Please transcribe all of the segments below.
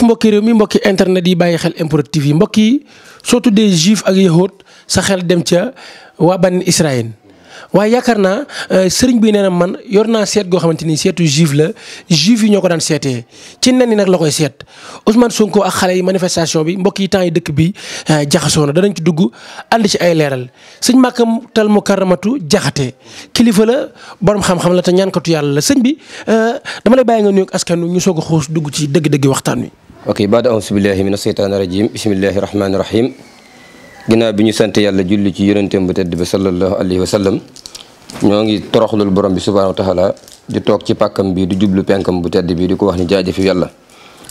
jërëjëf mbokki réew mi mbokki internet yi bàyyi xel MPROD yi mbokk yi soo tuddee juif ak yahood sa xel dem ca waa bani Israël waaye yaakaar naa euh, sëriñ bi nee na man yor naa seet goo xamante ni seetu juif la juif yi ñoo ko daan seetee ci nen yi nag la koy seet Ousmane Sonko ak xale yi manifestation bi mbokk yi temps yi dëkk bi euh, jaxasoo na danañ ci dugg ànd ci ay leeral sëñ Màkkam tal mu karamatu jaxate kilifa la borom xam-xam te ñaankatu yàlla la sëñ bi euh, dama lay bàyyi nga nuyoog askanu ñu soog a xuus dugg ci dëgg-dëgg waxtaan wi. ok baada auzu billahi a seytaani rajim bismillahi rahmaani rahim ginnaaw bi ñu sant yàlla julli ci yonenteem bu tedd bi sallallahu alayhi wa sallam ñoo ngi toroxlul borom bi subhaanahu wa taala di toog ci pàkkam bi du jublu penkam bu tedd bi di ko wax ni jaajëfi yàlla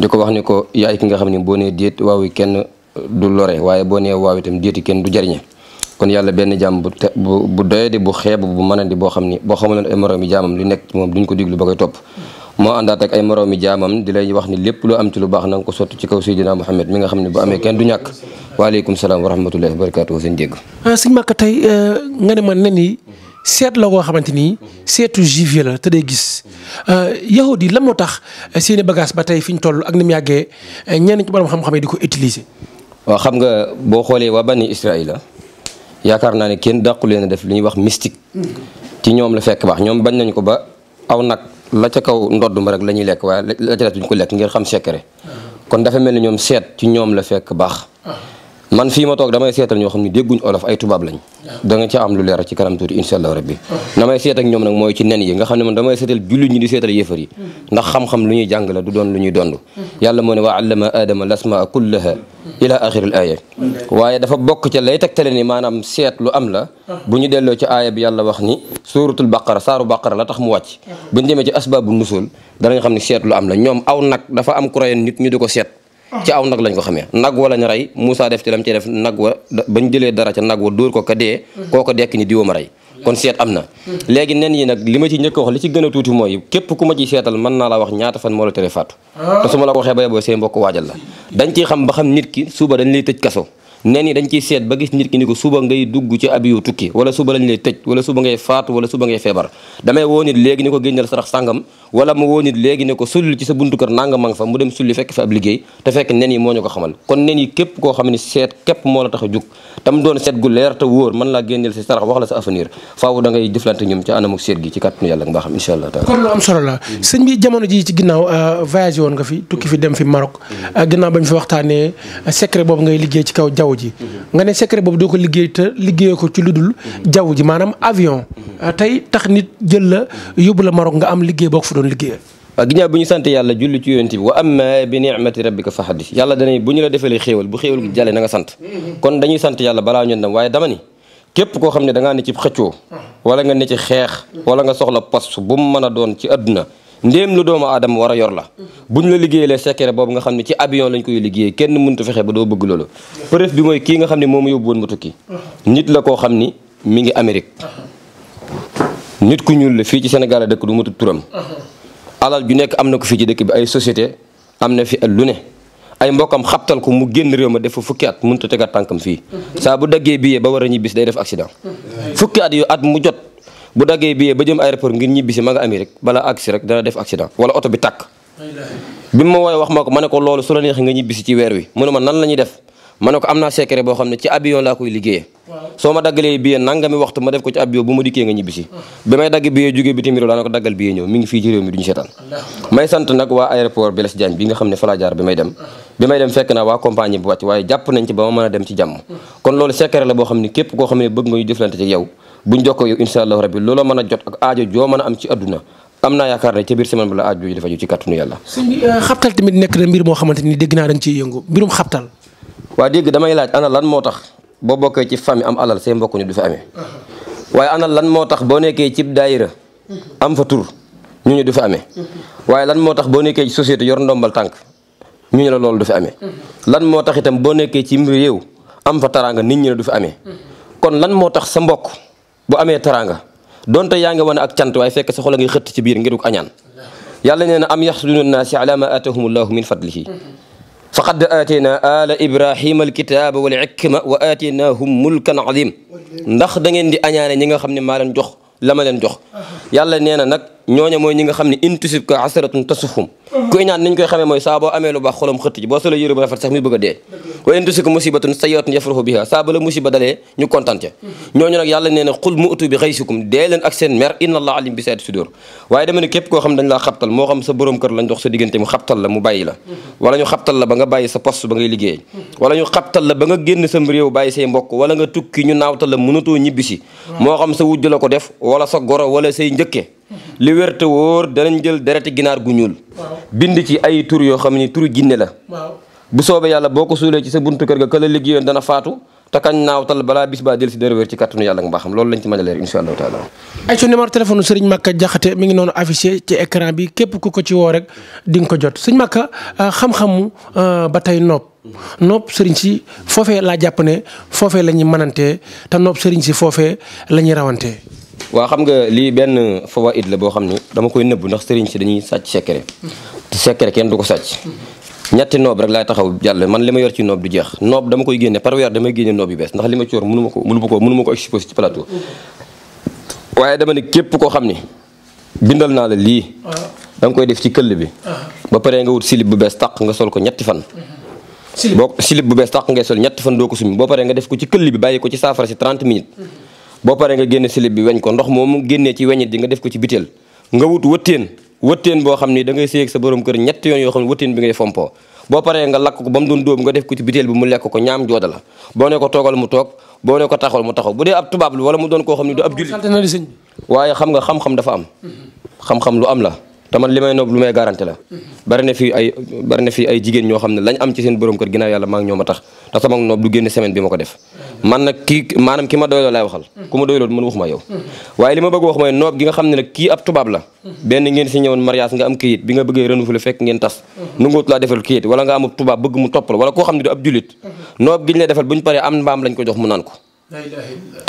di ko wax ni ko yaay ki nga xam ne boo nee déet waawi kenn du lore waaye boo nee waaw itam déeti kenn du jariñe kon yàlla benn jaam bu bu bu bu xeeb bu mën a di boo xam ni boo xamaloon ay moroom yi jaamam li nekk moom duñ ko diglu ba koy topp moo àndaat ak ay moroomi jaamam di lay wax ni lépp loo am ci lu baax na nga ko sotti ci kaw Seydina Muhammad mi nga xam ne bu amee kenn du ñàkk waaleykum salaam wa rahmatullahi wa ah, tey euh, nga ne ma nen yi seet la koo xamante ni seetu juif te day gis euh, yahudi la moo tax euh, seeni bagage ba tey fi ñu toll ak ni mu yàggee ñenn ci borom xam-xam di ko utiliser. waaw xam nga boo xoolee waa bani Israël la yaakaar naa ne kenn dàqu leen def lu ñuy wax mystique mm-hmm. ci ñoom la fekk baax ñoom bañ nañ ko ba. aw nag la ca kaw ndodd ma rek la ñuy lekk waaye la ca duñ ko lekk ngir xam secret ah. kon dafa mel ni ñoom seet ci ñoom la fekk baax ah. man fii ma toog damay seetal ñoo xam ne dégguñ olof ay tubaab lañ da nga ca am lu leer ci kanam insha allah rabbi ne man ndax xam-xam lu ñuy jàng la du doon lu ñuy dond yàlla moo ne wa allama aadama lasmaa kullaha ila axiril aaya waaye dafa bokk ca lay tegtale ni maanaam seet lu am la bu ñu delloo ci aaya bi yàlla wax ni suuratul baqara saaru baqara la tax mu wàcc bu ñu demee ci asbaabu nusul danañ xam ne seet lu am la ñoom aw nag dafa am kuréel nit ñu di ko seet ci aw nag lañ ko xamee nag wa lañ rey Moussa def ci lam ci def nag wa bañ jëlee dara ca nag wa dóor ko ka dee mm-hmm. koo ko dekk ni diwoom a rey kon seet am na mm-hmm. léegi nen yi nag li ma ci njëkk wax li ci gën a tuuti mooy képp ku ma ci seetal mën naa la wax ñaata fan moo la tere faatu ah. te su ma la ko waxee ba yeboo seen mbokk waajal la dañ ciy xam ba xam nit ki suba dañ lay tëj kaso nen yi dañ ciy seet ba gis nit ki ni ko suba ngay dugg ci abiyu tukki wala suba lañ lay tëj wala suba ngay faatu wala suba ngay feebar damay woo nit léegi ni ko génneel sarax sàngam wala mu woo léegi ni ko sullil ci sa buntu kër nanga fa mu dem sulli fekk fa ab liggéey te fekk nen yi moo ñu xamal kon nen yi képp koo xam ne seet képp moo la tax a jug tam doon seet gu leer te wóor mën jaww ji nga ne secret boobu doo ko liggéey te liggéeyee ko ci lu dul jaww ji maanaam avion tey tax nit jël la yóbbu la Maroc nga am liggéey boo ko fa doon liggéeyee waaw ginnaaw bi ñu sant yàlla julli ci yonent bi wa amma bi ni'mati rabbika fa hadis yàlla danay bu ñu la defalee xéewal bu xéewal jàllee na sant kon dañuy sant yàlla balaa ñun dem waaye dama ni képp koo xam ne da ngaa ne ci xëccoo wala nga ne ci xeex wala nga soxla poste bu mu mën a ndéem lu doomu aadama war a yor la ñu la liggéeyalee secret boobu nga xam ne ci avion lañ koy liggéey kenn mënut fexe ba doo bëgg loolu preuve bi mooy kii nga xam ne moom yóbbu woon ma tukki nit la koo xam ni mi ngi Amérique nit ku ñuul la fii ci Sénégal dëkk du ma tudd turam alal ju nekk am na ko fii ci dëkk bi ay société am na fi ak lu ne ay mbokkam xabtal ko mu génn réew ma def fa fukki at mënut a tànkam fii saa bu daggee billet ba war a ñibbis day def accident fukki at yu at mu jot bu daggee billet ba jëm aéroport ngir ñibbi si ma nga Amérique bala agsi rek dana def accident wala oto bi tàkk bi ma wooye wax ma ko ma ne ko loolu su la neexee nga ñibbisi ci weer wi mu ne ma nan la ñuy def ma ne ko boo xam ne ci avion laa koy liggéeyee soo ma daggalee billet nangami waxtu ma def ko ci avion bu ma dikkee nga ñibbisi bi may dagg billet mi ngi fii ci réew mi duñu bi nga xam ne fa laa jaar bi may dem bi may dem fekk naa waa compagnie bi wàcc waaye jàpp nañ ci ba ma a mm. boo xam ne képp koo xam ne bëgg nga ñu jëflante ci yow bu jokkoo yow incha allahu rabbi looloo mën a jot ak aajo joo mën a am ci adduna am na yaakaar ne ca biir semaine bi la aajo jooju dafa ju ci kàttanu yàlla euh, xabtal tamit nekk na mbir moo xamante ni dégg naa da nga yëngu mbirum xabtal waa dégg damay laaj ana lan moo tax boo bokkee ci famille am alal say mbokk ñu du ana lan moo tax boo nekkee cib daayira am fa tur ñu ñu du amee waaye lan moo tax boo nekkee ci société yor ndombal tànk ñu ñu la loolu du fi amee lan moo tax itam boo nekkee ci yéew am fa taraanga nit ñi la du fi amee kon lan moo tax sa mbokk bu amee teraanga donte yaa ngi wane ak cant waaye fekk sa xol a ngay xëtt ci biir ngiruk añaan yàlla nee na am yaxsuduna naasi ala ma aatahum allahu min fadlihi faqad aatayna ala ibrahima alkitaaba wal hikma wa aataynahum mulkan azim ndax da ngeen di añaane ñi nga xam ne maa leen jox la ma leen jox yàlla nee na nag ñooña mooy ñi nga xam ne in tusibka hasanatun tasuhum ku iñaan niñ koy xamee mooy saa boo amee lu baax xolam xëtt ji boo solo yëru bu rafet sax muy bëgg a dee la musiba dalee ñu kontaan ca ñooñu nag yàlla nee na xul mu'tu bi ghaysikum dee leen waaye dama ne képp koo xam dañ laa xabtal moo xam sa borom kër lañ dox sa diggante mu xabtal la mu bàyyi la wala ñu xabtal la ba nga bàyyi sa poste ba ngay liggéey wala ñu xabtal la ba nga génn sam réew bàyyi say mbokk wala nga tukki ñu naawtal la mënatoo ñibbisi moo xam sa wujj la ko def wala sa goro wala say njëkke li wér te wóor danañ jël dereti ginaar gu ñuul. bind ci ay tur yoo xam ni turu ginne la. bu soobee yàlla boo ko suulee ci sa bunt kër ga ka la liggéeyoon dana faatu te kañ naawtal balaa bis baa del si dara wér ci kàttanu yàlla nga mbaaxam loolu lañ ci mën a leer incha allahu taala. ay su numéro téléphone Serigne Makka Jaxate mi ngi noonu affiché ci écran bi képp ku ko ci woo rek di nga ko jot Serigne Makka euh, xam-xamu euh, ba tey nopp nopp Serigne si foofee laa jàpp ne foofee la ñuy mënantee te nopp Serigne si foofee la ñuy rawantee. waaw xam nga lii benn it la boo xam ne dama koy nëbb ndax sëriñ si dañuy sàcc secret te kenn du ko sàcc ñetti noob rek laay taxaw jàll man li ma yor ci noob du jeex noob dama koy génne par damay génne noob yu bees ndax li ma ci yor mënuma ko mënuma ko mënuma ko waaye dama ne képp koo xam ni bindal naa la lii da koy def ci këll bi ba pare nga wut silib bu bees tàq nga sol ko ñetti fan boo silib bu bees tàq ngay sol ñetti fan doo ko sumi boo paree nga def ko ci këll bi bàyyi ko ci saafara si 30 minutes boo paree nga génne silib bi weñ ko ndox moomu génnee ci weñit di nga def ko ci biteel nga wut wëttéen wëttéen boo xam ni da ngay séy ak sa borom kër ñett yoon yoo xam ne bi ngay fompoo boo paree nga ko ba mu doon ko ci biteel bi ko ñaam jooda la boo ne ko toogal mu toog boo ne ko taxawal mu taxaw tubaab wala mu doon koo xam ne xam nga xam am xam lu am la te man li may noob lu la bari na fii ay bari na fii ay jigéen ñoo xam ne lañ am ci seen borom kër ginnaaw yàlla maa ngi ñoo ma tax te sama noob du génn semaine bi ma ko def man nag kii maanaam ki ma doyloo laay waxal ku ma doyloo mën waxuma yow waaye li ma bëgg wax mooy noob gi nga xam ne kii ab tubaab la benn ngeen si ñëwoon mariage nga am kayit bi nga bëggee renouveler fekk ngeen tas nunguut laa defal kayit wala nga am tubaab bëgg mu topp la wala koo xam ne du ab julit noob gi ñu lay defal bu ñu paree am mbaam lañ ko jox mu naan ko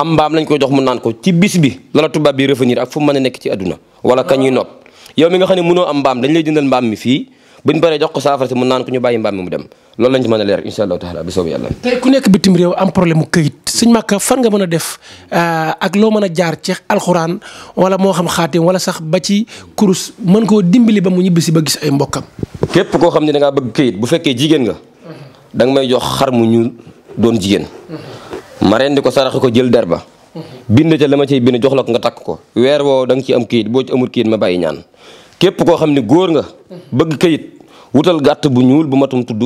am mbaam lañ ko jox mu naan ko ci bis bi lala tubaab bi revenir ak fu mu mën a nekk ci àdduna wala kañuy noob yow mi nga xam ne mënoo am mbaam dañ lay jëndal mbaam mi fii buñ paree jox ko saafara si mu naan ko ñu bàyyi mbaam mi mu dem loolu lañ ci mën a leer incha allahu taala bi yàlla. tey ku nekk bitim réew am problème mu këyit sëñ Màkka fan nga mën a def euh, ak loo mën a jaar ci alxuraan wala moo xam xaatim wala sax ba ci kurus mën koo dimbali ba mu ñibbisi ba gis ay mbokkam. képp koo xam ne da bëgg këyit bu fekkee jigéen nga. da may jox xar mu ñuul doon jigéen. ma rendi ko sarax ko jël der ba. bind ca la ma cay bind jox la ko nga takk ko weer woo da ci am këyit boo ci amul këyit ma bàyyi ñaan képp koo xam ne góor nga bëgg kayit wutal gàtt bu ñuul bu matum tudd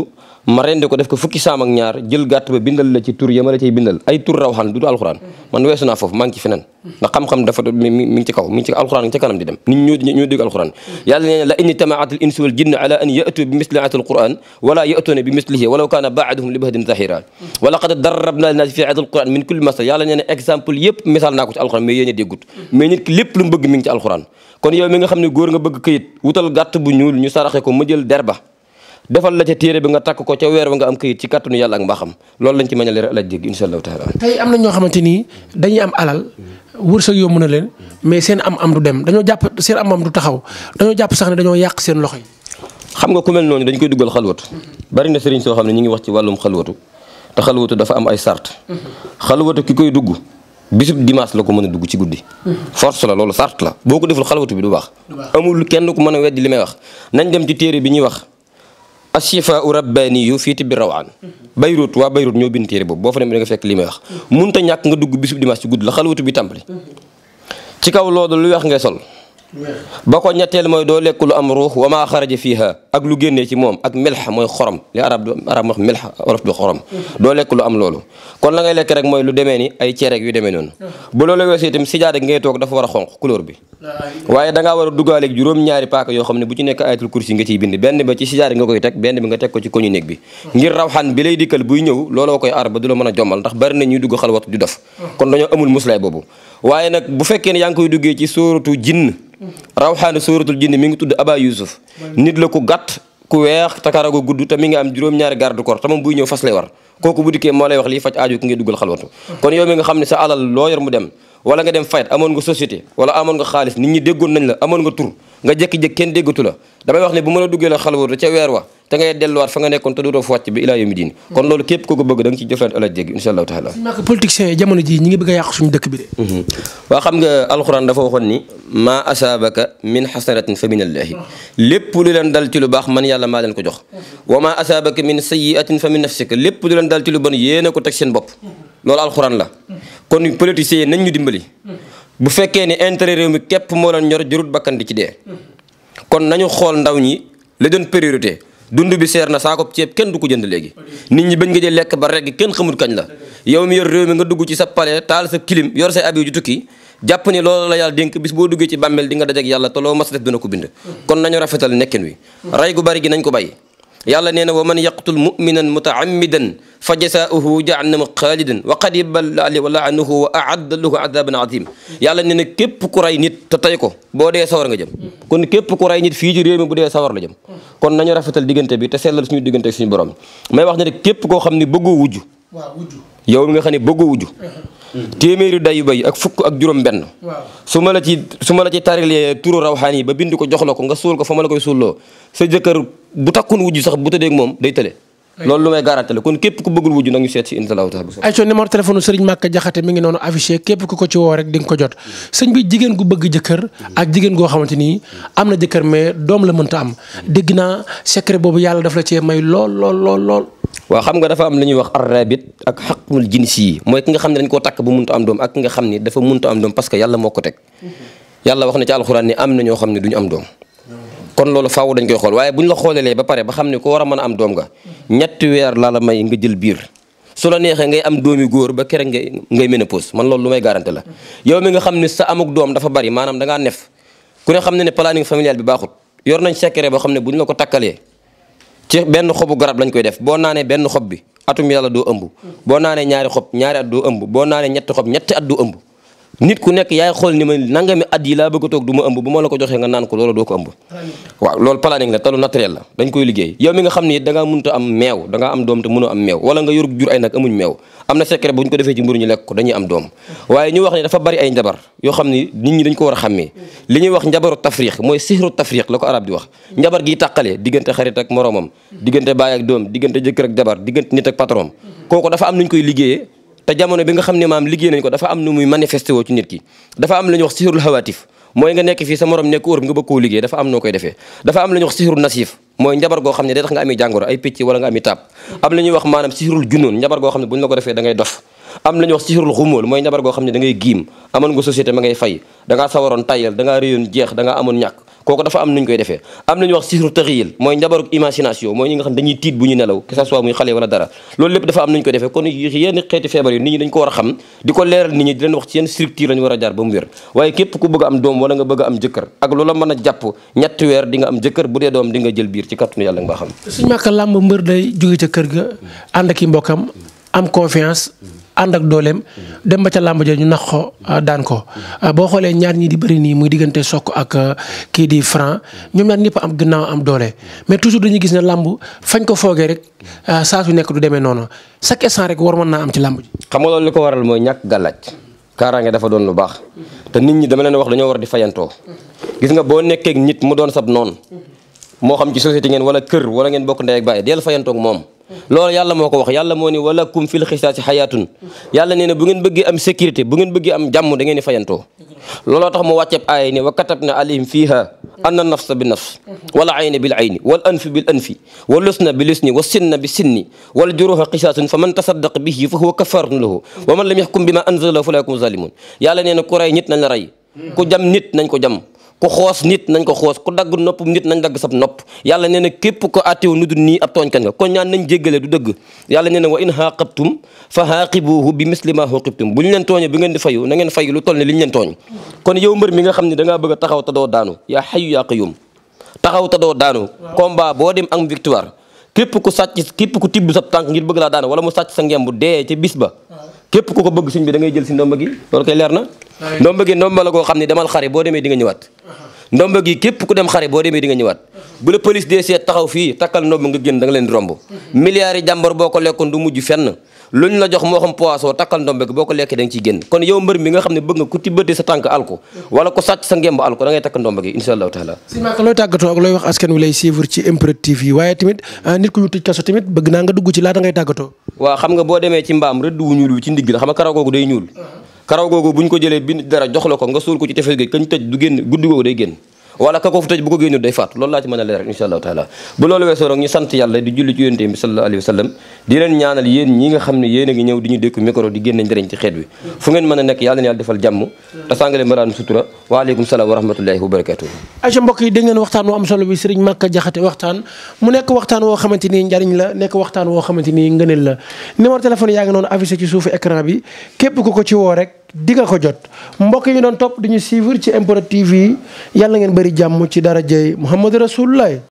ma rendi ko def ko fukki saam ak jël gàtt ba bindal la tur ya bindal ay tur rawxaan du du alxuraan man weesu naa foofu maa ngi ci feneen ndax xam-xam dafa mi ngi ci kaw mi ngi ci alxuraan ngi ca wala yatuuna bi mislihi walaw fi atal quran min kulli masal yàlla nee na exemple misaal naa ko ci alxuraan mais yéen a déggut mais nit ki lépp lu bëgg mi ngi ci kon yow mi nga xam ne góor nga bëgg këyit wutal gàtt bu ñuul ñu saraxe ko ma jël derba defal la ca téere bi nga takk ko ca weer wa nga am këyit ci kàttanu yàlla ak mbaaxam loolu lañ ci mën a leeral ak dégg allahu taala. tey am na ñoo xamante ni dañuy am alal wërsëg yoo mën a leen mais seen am-am du dem dañoo jàpp seen am-am du taxaw dañoo jàpp sax ne dañoo yàq seen loxo yi. xam nga ku noonu dañ koy dugal xalwatu bari na sëriñ soo xam ne ñu ngi wax ci wàllum xalwatu te xalwatu dafa am ay sart xalwatu ki koy dugg bisub dimanche la ko mën a dugg ci guddi force la loolu sart la boo ko deful xalwatu bi du baax amul kenn ku mën a weddi li may wax nañ dem ci téere bi ñuy wax ashifaau rabbaaniyu fii tibbi rawaan Bayruut waa Bayruut ñoo bind téere boobu boo fa demee da nga fekk li may wax munta ñàkk nga dugg bisub dimanche ci gudd la xalwatu bi tàmbali ci kaw loolu lu wax ngay sol ba ko ñetteel mooy doo lekk lu am ruux wa maa xaraja fiiha ak lu génnee ci moom ak melx mooy xorom li arab arab mm-hmm. mooy mm-hmm. a a duggaaleeg juróom-ñaari xam ne bu ci nekk ayatul kursi nga ciy bind benn ba ci sijaada nga koy teg benn bi nga teg ko ci koñu néeg bi mm-hmm. ngir rawxaan bi lay dikkal buy ñëw looloo koy aar ba du la mën a jommal ndax bari na ñuy dugg xalwatu du def kon dañoo amul muslay boobu waaye nag bu fekkee ne yaa duggee ci sóoratu jinn rawxaani suuratul jinni mi ngi tudd Aba Youssouf nit la ku gàtt ku weex takarago gudd te mi ngi am juróom-ñaari garde corps te moom buy ñëw fas lay war kooku bu dikkee moo lay wax lii faj aaju ku ngay dugal xalwatu mm-hmm. kon yow mi nga xam ne sa alal loo yor mu dem wala nga dem fayat amoon nga société wala amoon nga xaalis nit ñi déggoon nañ la amoon nga tur nga jékki-jékki kenn déggatu la damay wax ne bu mën a duggee la xalwatu ca weer wa te ngay delluwaat fa nga nekkoon te dootoo fa wàcc bi ilaa yomi diin kon loolu képp ko ko bëgg da ci jëflante ala jéggi insha jamono ji ñi ngi bëgg a yàq suñu dëkk bi de mhm. waaw xam nga alxuraan dafa waxoon ni maa asaabaka min xasanatin fa min lépp lu leen dal ci lu baax man yàlla maa leen ko jox wa maa la kon politiciens yi nañ ñu dimbali. Hmm. bu fekkee ne intérêt réew mi képp moo leen ñor jurut bakkan di ci dee. Hmm. kon nañu xool ndaw ñi la doon priorité dund bi seer na saako ceeb kenn du ko jënd léegi. nit ñi bañ nga jël lekk ba regg kenn xamul kañ la. yow mi yor réew mi nga dugg ci sa palais taal sa kilim yor say abi ju tukki jàpp ni loolu la yàlla dénk bis boo duggee ci bàmmeel di nga dajeek yàlla te loo mas def dina ko bind. Hmm. kon nañu rafetal nekkin wi. ray gu bari gi nañ ko bàyyi. yàlla nee na wa man yaqtul muminan mutaammidan fa jasaauhu jahannama xaalidan wa qadiba laali wa laanuhu wa aadda lahu adaban azim yàlla nee na képp ku ray nit te ko boo dee sawar nga jëm kon képp ku ray nit fii ci réew dee sawar la jëm kon nañu rafetal diggante bi te sellal suñu diggante suñu borom may wax ne rek képp koo xam ne bëggoo wujju waaw yow mi nga xam ne bëggoo wujju uh-huh. téeméeri dayuba yi ak fukk ak juróom benn su ma la ci su ma la ci yi ba bind ko jox la ko nga suul ko fa ma la koy suulloo sa jëkkër bu takkun wujj sax bu tëddeeg moom day tële loolu lu may garanté la kon képp ku bëggul wujju na ñu seet si incha allahu taala ayca numéro téléphone Serigne Maka Diakhaté mi ngi noonu affiché képp ku ko ci woo rek di ko jot sëñ bi jigéen gu bëgg jëkkër ak jigéen goo xamante ni am na jëkkër mais doom la mënta am dégg naa secret boobu yàlla daf lool waaw xam nga dafa am lu ñuy wax arrabit ak xaqmul jinsi yi mooy ki nga xam ne dañ koo takk bu muntu am doom ak nga xam ne duñu am doom kon loolu xool waaye bu la xoolelee ba pare ba a mën la may nga jël biir su la ba kere ngay ngay la yow xam ne sa amuk doom dafa bari maanaam da ngaa nef ku ne xam ne ne planning familial bi baaxut yor nañ secret boo xam ne bu ñu la ko takkalee ci benn xobu garab lañ koy def boo naanee benn xob bi atum yàlla doo ëmb boo naanee ñaari xob ñaari at doo ëmb boo naanee ñett xob ñetti at doo ëmb nit ku nekk yaay xool ni ma nangami at yi laa bëgg a toog du ma ëmb bu ma la ko joxee nga naan ko loolu doo ko ëmb waaw loolu planning la te naturel la dañ koy liggéey yow mi nga xam ne da ngaa a am meew da nga yorug jur ay nag amuñ meew am na secret bu ñu ko defee ci mburu ñu lekk ko dañuy am doom waaye ñu wax ne dafa bari ay njabar yoo xam ne nit ñi dañ ko war a xam xàmmee li ñuy wax njabaru tafriq mooy sihru tafriq la ko arab di wax njabar gi tàqale diggante xarit ak moromam diggante baay ak doom diggante jëkkër ak jabar diggante nit ak patron kooku dafa am koy liggéeyee te jamono bi nga xam ne maam liggéey nañ ko dafa am nu muy manifesté ci nit ki dafa am la ñuy wax sixirul hawatif mooy nga nekk fii sa morom nekk Europe nga bëgg koo liggéey dafa am noo koy defee dafa am wax sixirul xam ne day tax nga amee jàngoro ay picc wala nga amee taab am wax maanaam sixirul junoon njabar goo xam ne bu ñu la ko defee da ngay dof am la ñuy wax sixirul xumóol mooy njabar goo xam ne da giim amoon nga société ma ngay fay da ngaa sawaroon tayal da ngaa jeex danga ngaa amoon ñàkk kooku dafa am nuñ koy defee am nañu wax sihru taxiyil mooy njabaruk imagination mooy ñi nga xam dañuy tiit bu ñu nelaw que ça soit muy xale wala dara loolu lépp dafa am nuñ koy defee kon yenn xeeti feebar yi nit ñi dañ ko war a xam di ko leeral nit ñi di leen wax ci yenn structure lañu war a jaar ba mu wér waaye képp ku bëgg a am doom wala nga bëgg a am jëkkër ak loola mën a jàpp ñetti weer am jëkkër bu dee doom di nga jël biir ci kàttanu ànd ak dooleem dem ba ca làmb ja ñu nax ko euh, daan ko euh, boo xoolee ñaar ñi di bëri nii muy diggante Sokk ak euh, kii di Franc ñoom ñaar ñëpp am gannaaw am doole mais toujours dañuy gis ne làmb fañ ko foogee rek saa su nekk du demee noonu chaque instant rek war mën naa am ci làmb ji. xam nga loolu li ko waral mooy ñàkk gàllaaj kaaraange dafa doon lu baax te nit ñi dama leen wax dañoo war di fayantoo gis nga boo nekkeek nit mu doon sab noonu moo xam ci société ngeen wala kër wala ngeen bokk ndey ak baay deel fayantoo moom loolu yàlla moo ko wax yàlla moo ni walakum fil xisaasi xayaatun yàlla nee na bu ngeen bëggee am sécurité bu ngeen bëggee am jàmm da ngeen di fayantoo looloo tax mu wàcceeb aaya ne wa katab na alayhim fiiha anna nafsa bi nafs wala ayna bil ayni wal anfi bil anfi wal lusna bi lusni wa sinna bi sinni wal juruha qisaasun fa man tasaddaq bihi fa huwa kafaratun lahu wa man lam yaxkum bi ma anzala fala yakum zalimun yàlla nee na nit nañ la ku jam nit nañ ko jam ku xoos nit nañ ko xoos ku dagg nopp nit nañ dagg sab nopp yàlla nee na képp ko attewu nu dul nii ab tooñkan nga kon ñaan nañ jéggale du dëgg yàlla nee na wa in xaaqabtum fa xaaqibuhu bi misli ma xuqibtum bu ñu leen ngeen di fayu na ngeen fayu lu toll ne li ñu kon yow mbër mi nga xam ne dangaa bëgg a taxaw ta doo daanu yaa xayu yaa qayum taxaw ta doo daanu combat boo dem am victoire képp ku sàcc képp ku tibb sab tànk ngir bëgg laa daanu képp ku ko bëgg suñ bi da ngay ndomba gi loolu koy leer na ndomba gi ndomba la koo xam ne demal xare boo demee di ñëwaat uh-huh. ndomba gi képp ku dem xare boo demee di nga ñëwaat uh-huh. bu la police dee seet taxaw fii takkal ndomba nga génn da leen romb uh-huh. milliards yi boo ko lekkoon du mujj fenn luñ la jox moo xam poisson takkal ndombe gi boo ko lekkee da nga ciy génn kon yow mbër mi nga xam ne bëgg nga ku ci bëtte sa tànk alko wala ko sàcc sa ngemb alko da takk ndombe gi ah, bëgg naa nga dugg ci laata ngay tàggatoo waaw xam nga boo demee ci mbaam rëdd wu ñuul wi ci ndigg la xam karaw googu day ñuul uh-huh. karaw googu buñ ko jëlee bind dara jox la ko nga suul ko ci tefes gi kañ tëj du génn guddi googu day génn wala ka ko fu tëj bu ko génnu day faatu loolu laa ci mën a leeral insha allahu taala bu loolu weesoo rek ñu sant yàlla di julli ci yonent bi sallallahu alayhi wa di leen a ngi ñëw di ñu dékku ci xeet wi fu ngeen mën a nekk yàlla na sutura waaleykum salaam wa rahmatullahi wa barakatuh aja mbokk waxtaan wu am solo bi sëriñ Màkka Jaxate waxtaan mu nekk waxtaan woo xamante nii njariñ la nekk waxtaan woo xamante nii ngëneel la numéro téléphone yaa ngi noonu affiché di nga ko jot mbokk yi ñu doon topp di ñu suivre ci MPROD TV yi yàlla ngeen bëri jàmm ci dara jëy Muhammadu Rasulullah